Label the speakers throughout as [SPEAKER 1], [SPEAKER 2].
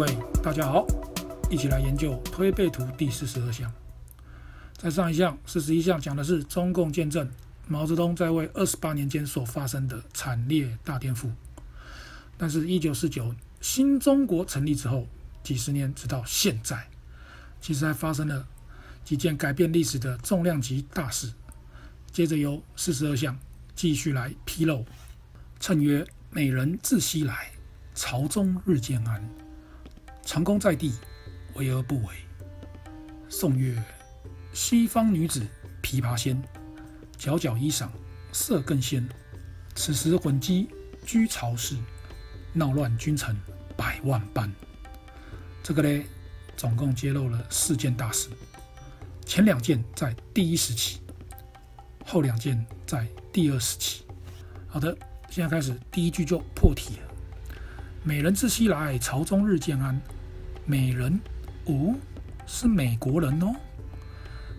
[SPEAKER 1] 各位大家好，一起來研究推背圖第四十二象。在上一象四十一象講的是中共建政，毛澤東在位二十八年間所發生的慘烈大顛覆。但是，一九四九新中國成立之後，幾十年直到現在，其實還發生了幾件改變歷史的重量級大事。接着由四十二象繼續來披露。讖曰：美人自西來，朝中日漸安。長弓在地，危而不危。頌曰，西方女子琵琶仙，皎皎衣裳色更鮮。此時混跡居朝市，鬧亂君臣百萬般。這個嘞，總共揭露了四件大事。前兩件在第一時期，後兩件在第二時期。好的，現在開始，第一句就破題了：美人自西來，朝中日漸安。美人哦，是美國人哦。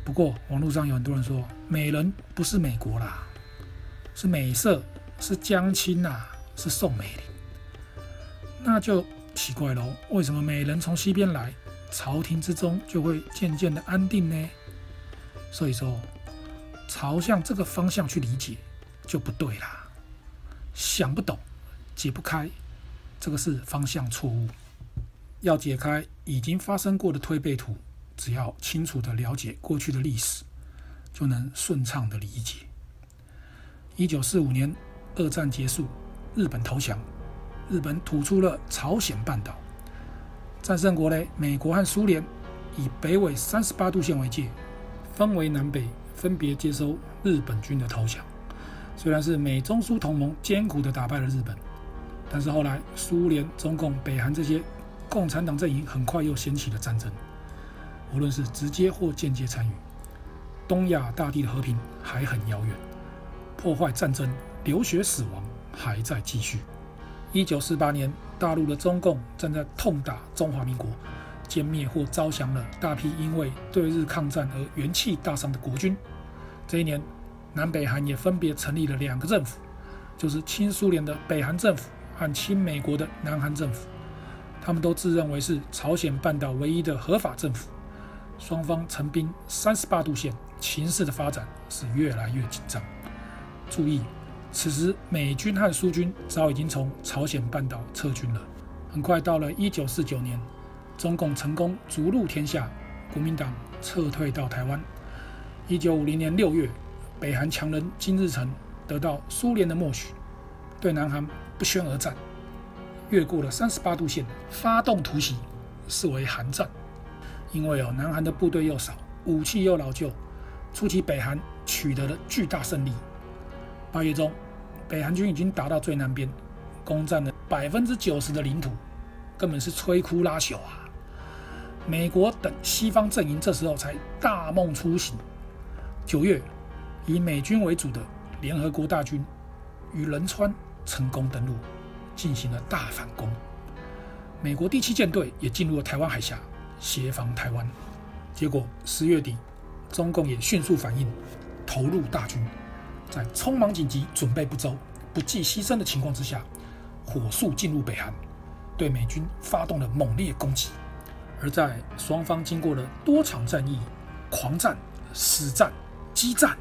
[SPEAKER 1] 不過網絡上有很多人說美人不是美國啦，是美色，是江青啊，是宋美齡。那就奇怪嘍，為什麼美人從西邊來，朝廷之中就會漸漸的安定呢？所以說，朝向這個方向去理解就不對啦，想不懂，解不開，這個是方向錯誤。要解開已經發生過的推背圖，只要清楚地了解過去的歷史，就能順暢地理解。一九四五年，二戰結束，日本投降，日本吐出了朝鮮半島。戰勝國呢，美國和蘇聯以北緯三十八度線為界，分為南北，分別接收日本軍的投降。雖然是美中蘇同盟艱苦地打敗了日本，但是後來蘇聯、中共、北韓這些。共產黨陣營很快又掀起了戰爭，無論是直接或間接參與，東亞大地的和平還很遙遠，破壞戰爭、流血死亡還在繼續。1948年，大陸的中共正在痛打中華民國，殲滅或招降了大批因為對日抗戰而元氣大傷的國軍。這一年，南北韓也分別成立了兩個政府，就是親蘇聯的北韓政府和親美國的南韓政府。他們都自認為是朝鮮半島唯一的合法政府，雙方陳兵三十八度線，形勢的發展是越來越緊張。注意，此時美軍和蘇軍早已經從朝鮮半島撤軍了。很快到了一九四九年，中共成功逐鹿天下，國民黨撤退到台灣。一九五零年六月，北韓強人金日成得到蘇聯的默許，對南韓不宣而戰。越過了三十八度線，發動突襲，視為韓戰。因為哦，南韓的部隊又少，武器又老舊，初期北韓取得了巨大勝利。八月中，北韓軍已經達到最南邊，攻佔了百分之九十的領土，根本是摧枯拉朽啊！美國等西方陣營這時候才大夢初醒。九月，以美軍為主的聯合國大軍於仁川成功登陸。進行了大反攻，美國第七艦隊也進入了台灣海峽，協防台灣。結果十月底，中共也迅速反應，投入大軍，在匆忙、緊急、準備不周、不計犧牲的情況之下，火速進入北韓，對美軍發動了猛烈攻擊。而在雙方經過了多場戰役、狂戰、死戰、激戰，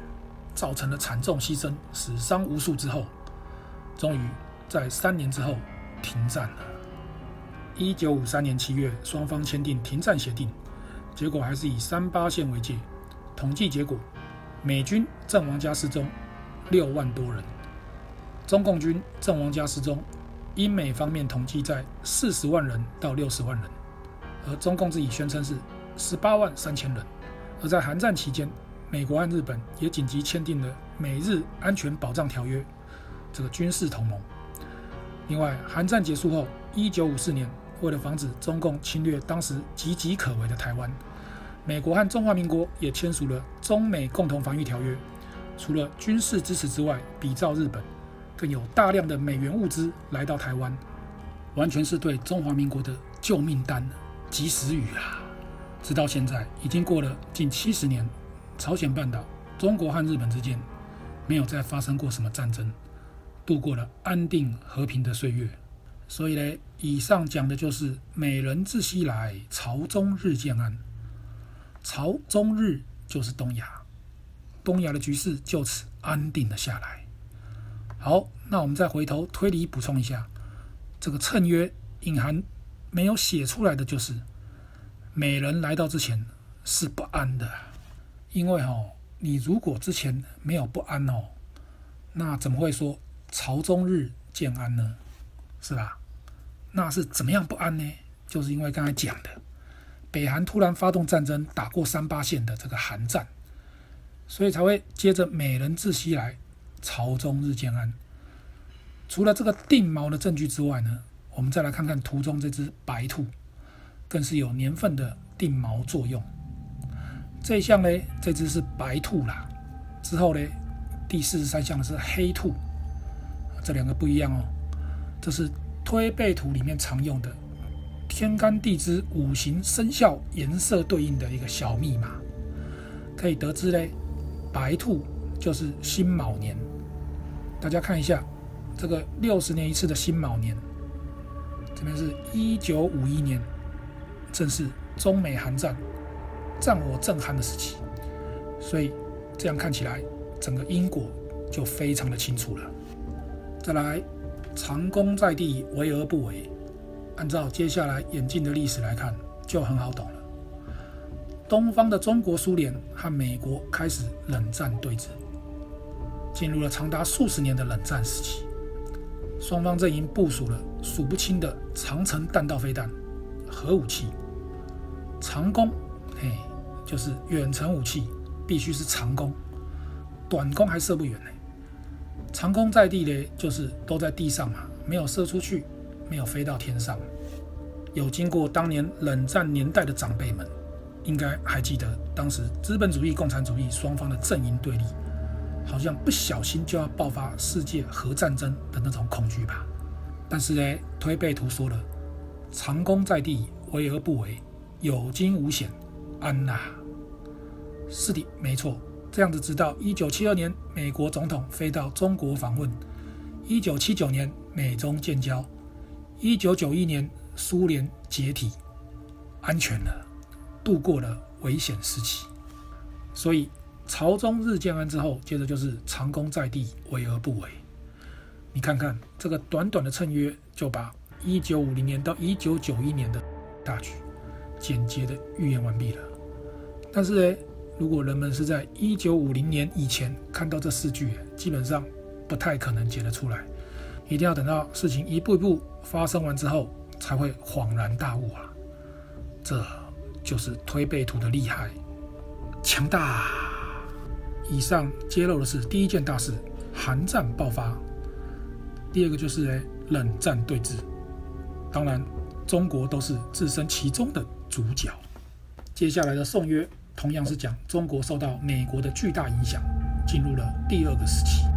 [SPEAKER 1] 造成了慘重犧牲、死傷無數之後，終於。在三年之後停戰了。一九五三年七月，雙方簽訂停戰協定，結果還是以三八線為界。統計結果，美軍陣亡加失蹤六萬多人，中共軍陣亡加失蹤，英美方面統計在四十萬人到六十萬人，而中共自己宣稱是十八萬三千人。而在韓戰期間，美國和日本也緊急簽訂了《美日安全保障條約》，這個軍事同盟。另外，韓戰結束後，1954年，為了防止中共侵略當時岌岌可危的台灣，美國和中華民國也簽署了《中美共同防禦條約》。除了軍事支持之外，比照日本，更有大量的美元物資來到台灣，完全是對中華民國的救命丹、及時雨啊！直到現在，已經過了近七十年，朝鮮半島中國和日本之間沒有再發生過什麼戰爭。度過了安定和平的歲月，所以呢，以上講的就是“美人自西來，朝中日漸安”。朝中日就是東亞，東亞的局勢就此安定了下來。好，那我們再回頭推理補充一下，這個讖曰隱含沒有寫出來的就是，美人來到之前是不安的，因為哈、哦，你如果之前沒有不安哦，那怎麼會說？朝中日漸安呢，是吧？那是怎麼樣不安呢？就是因為剛才講的，北韓突然發動戰爭，打過三八線的這個韓戰，所以才會接着美人自西來，朝中日漸安。除了這個定錨的證據之外呢，我們再來看看圖中這隻白兔，更是有年份的定錨作用。這一象呢，這只是白兔啦。之後呢，第四十三象是黑兔。這兩個不一樣哦，這是推背圖裡面常用的天干地支、五行生肖顏色對應的一個小密碼，可以得知嘞，白兔就是辛卯年。大家看一下，這個六十年一次的辛卯年，這邊是一九五一年，正是中美韓戰戰火正酣的時期，所以這樣看起來，整個因果就非常的清楚了。再來，長弓在地，危而不危。按照接下來演進的歷史來看，就很好懂了。東方的中國、蘇聯和美國開始冷戰對峙，進入了長達數十年的冷戰時期。雙方陣營部署了數不清的長程彈道飛彈、核武器。長弓，嘿，就是遠程武器，必須是長弓，短弓還射不遠呢、欸。長弓在地嘞，就是都在地上嘛，沒有射出去，沒有飛到天上。有經過當年冷戰年代的長輩們，應該還記得當時資本主義、共產主義雙方的陣營對立，好像不小心就要爆發世界核戰爭的那種恐懼吧？但是嘞，推背圖說了，長弓在地，危而不危，有驚無險，安吶。是的，沒錯。這樣子，直到一九七二年美國總統飛到中國訪問，一九七九年美中建交，一九九一年蘇聯解體，安全了，度過了危險時期。所以朝中日漸安之後，接着就是長弓在地，危而不危。你看看這個短短的讖語，就把一九五零年到一九九一年的大局簡潔的預言完畢了。但是呢？如果人們是在一九五零年以前看到這四句，基本上不太可能解得出來。一定要等到事情一步一步發生完之後，才會恍然大悟啊！這就是推背圖的厲害，強大。以上揭露的是第一件大事，韓戰爆發；第二個就是冷戰對峙。當然，中國都是置身其中的主角。接下來的頌曰。同樣是講中國受到美國的巨大影響，進入了第二個時期。